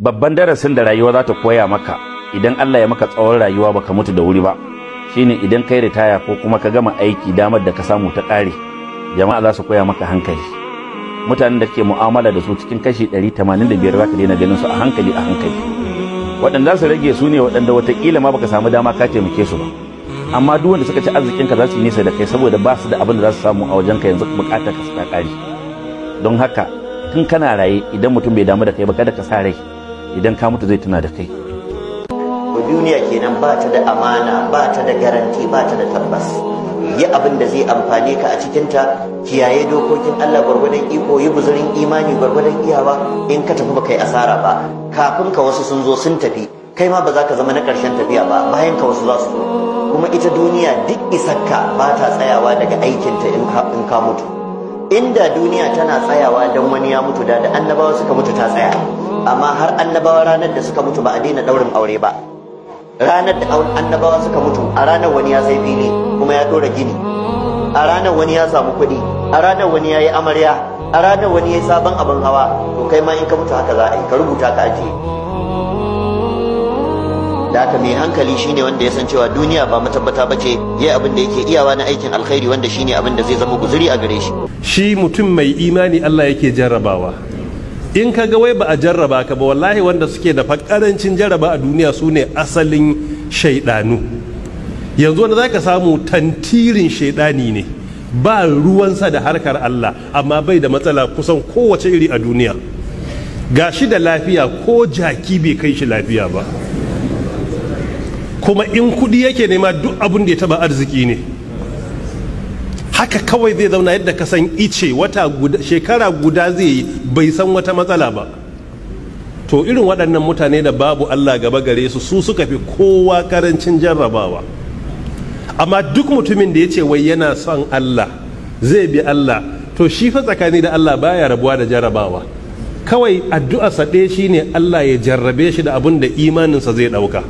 babban darasin da rayuwa za ta koya maka idan Allah ya maka tsawon rayuwa baka mutu da wuri ba shine idan kai ritaya ko kuma ka gama aiki damar da ka samu ta ƙare jama'a za su koya maka hankali mutanen da ke mu'amala da su cikin kashi 185 za ka daina ganin su a hankali a hankali waɗanda za su rage su ne waɗanda watakila ma baka samu dama ka taimake su ba amma duk wanda suka ci arzikinka za su yi nisa da kai saboda ba su da abin da za su samu a wajenka yanzu bukatar ka ta ƙare don haka tun kana raye idan mutum bai damu da kai ba kada ka sa rai idan ka mutu zai tuna da kai duniya kenan ba ta da amana ba ta da garanti ba ta da tabbas yi abin da zai amfane ka a cikinta kiyaye dokokin Allah gwargwadon iko yi buzurin imani gwargwadon iyawa in ka tafi baka yi asara ba kafin ka wasu sun zo sun tafi kai ma ba za ka zama na ƙarshen tafiya ba bayan ka wasu za su zo kuma ita duniya duk isakka ba ta tsayawa daga aikinta in ka mutu inda duniya tana tsayawa don wani ya mutu da annabawa suka mutu ta tsaya amma har annabawa ranar da suka mutu ba a daina daurin aure ba ranar da annabawa suka mutu a ranar wani ya sai fili kuma ya dora gini a ranar wani ya samu kuɗi a ranar wani ya yi amarya a ranar wani ya yi sabon abin hawa to kai ma in ka mutu haka za a yi ka rubuta ka ajiye da mai hankali shine wanda ya san cewa duniya ba matabbata ba ce ya abin da yake iyawa na aikin alkhairi wanda shine abin da zai zama guzuri a gare shi shi mutum mai imani Allah yake jarrabawa in ka ga wai ba a jarraba ka ba wallahi wanda suke da fakarancin jarraba a duniya su ne asalin shaidanu yanzu wanda ka samu tantirin shaidani ne ba ruwansa da harkar Allah amma bai da matsala kusan kowace iri a duniya gashi da lafiya ko jaki bai kai shi lafiya ba kuma in kuɗi yake nema duk abin da ya taba arziki ne haka kawai zai zauna yadda ka san ice wata shekara guda zai yi bai san wata matsala ba to irin waɗannan mutane da babu Allah gaba gare su su suka fi kowa karancin jarrabawa amma duk mutumin da ya ce wai yana son Allah zai bi Allah to shi fa tsakani da Allah baya rabuwa da jarrabawa kawai addu'a saɗe shine Allah ya jarrabe shi da abin da imaninsa zai ɗauka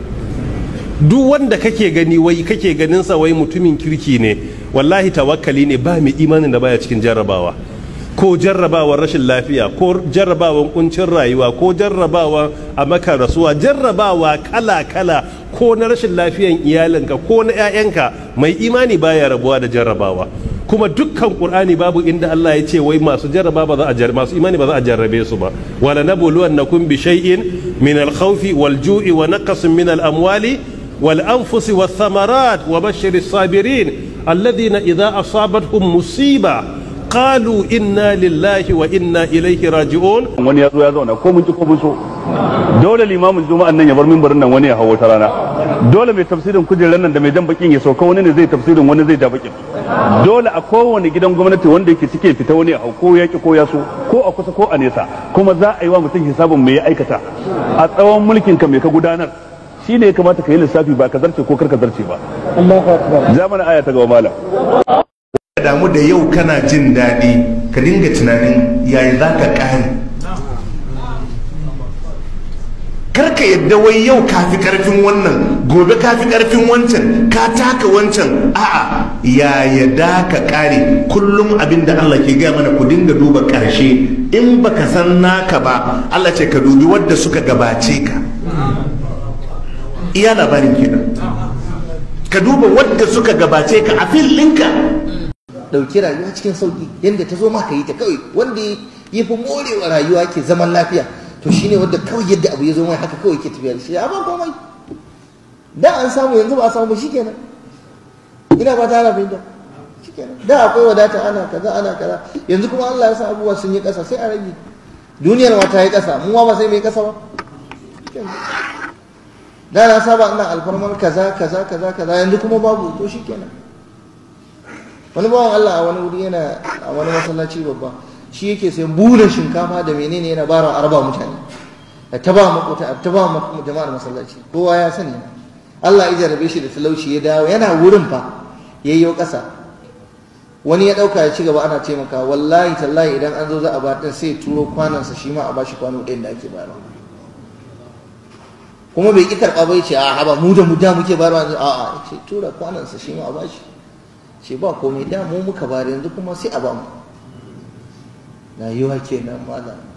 duk wanda kake gani wai kake ganin sa wai mutumin kirki ne wallahi tawakkali ne ba mai imanin da baya cikin jarrabawa ko jarrabawar rashin lafiya ko jarrabawar kuncin rayuwa ko jarrabawa a maka rasuwa jarrabawa kala-kala ko na rashin lafiyan iyalinka ko na 'ya'yanka mai imani baya rabuwa da jarrabawa kuma dukkan qur'ani babu inda Allah ya ce wai masu jarraba ba za a jarrabe masu imani ba za a jarrabe su ba wala nabluwannakum bi shay'in min al-khawfi wal-ju'i wa naqsin min al-amwali والأنفس والثمرات وبشر الصابرين الذين إذا أصابتهم مصيبة قالوا إنا لله وإنا إليه راجعون wani ya zo ya zauna ko mun ji ko mun so dole limamin juma'an nan ya bar mimbarin nan wani ya hawo ta rana dole mai tafsirin kujerar nan da mai jan bakin ya sauka wani ne zai tafsirin wani zai ja bakin dole a kowane gidan gwamnati wanda yake cike fita wani hau ko yaki ko ya so ko a kusa ko a nesa kuma za a yi wa mutum hisabin mai aikata a tsawon mulkin ka mai ka gudanar shi ne ya kamata ka yi lissafi ba ka zarce ko karka zarce ba jamana aya ta gaba malam ka damu da yau kana jin daɗi ka dinga tunanin yayi za ka ƙare karka yadda wai yau ka fi ƙarfin wannan gobe ka fi karfin wancan ka taka wancan a'a ya yadda ka kare kullum abin da Allah ke gaya mana ku dinga duba ƙarshe in baka san naka ba Allah ce ka dubi wadda suka gabace ka iya labarin kenan ka duba wadda suka gabace ka a filinka dauki rayuwa cikin sauƙi yadda ta zo ma ka yi ta kawai wanda ya fi morewa rayuwa ke zaman lafiya to shine wadda kawai yadda abu ya zo mai haka kawai ke tafiya da shi amma komai da an samu yanzu ba a samu ba shikenan ina ba ta ana fahimta shikenan da akwai wadata ana kaza ana kaza yanzu kuma Allah ya sa abubuwa sun yi ƙasa sai a rage duniyar ma ta yi ƙasa mu ma ba sai mai ƙasa ba da na saba ina alfarmar kaza kaza kaza kaza yanzu kuma babu to shikenan wani bawan Allah a wani wuri yana a wani masallaci babba shi yake sai burin shinkafa da menene yana bara arba mutane a ta ba makota a ta ba jama'ar masallaci kowa ya sani Allah ya jarabe shi da talauci ya dawo yana wurin fa yayyo ƙasa wani ya ɗauka ya ci gaba ana taimaka wallahi tallahi idan an zo za a ba ɗin sai turo kwanansa shi ma a bashi kwano ɗayan da ake bayarwa kuma bai ki karɓa ba ce a haba mu da mu da muke bayarwa a a ce tura kwanansa shi ma a bashi ce ba komai da mu muka bayar yanzu kuma sai a ba mu na yiwa kenan malam